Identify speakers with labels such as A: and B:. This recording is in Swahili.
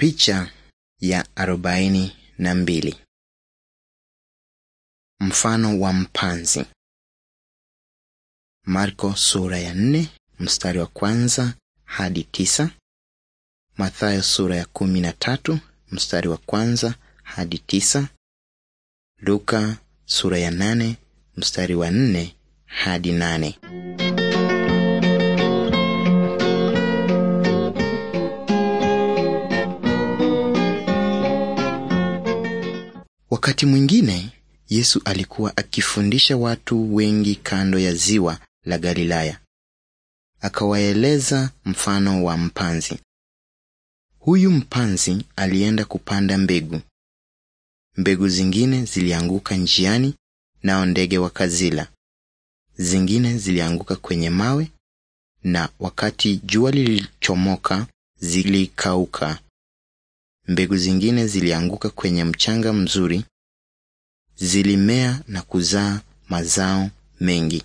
A: Picha ya arobaini na mbili.
B: Mfano wa mpanzi. Marko sura ya nne mstari wa kwanza hadi tisa. Mathayo sura ya kumi na tatu mstari wa kwanza hadi tisa. Luka sura ya nane mstari wa nne hadi nane. Wakati mwingine Yesu alikuwa akifundisha watu wengi kando ya ziwa la Galilaya. Akawaeleza mfano wa mpanzi. Huyu mpanzi alienda kupanda mbegu. Mbegu zingine zilianguka njiani, nao ndege wakazila. Zingine zilianguka kwenye mawe, na wakati jua lilichomoka zilikauka. Mbegu zingine zilianguka kwenye mchanga mzuri, zilimea na kuzaa mazao mengi.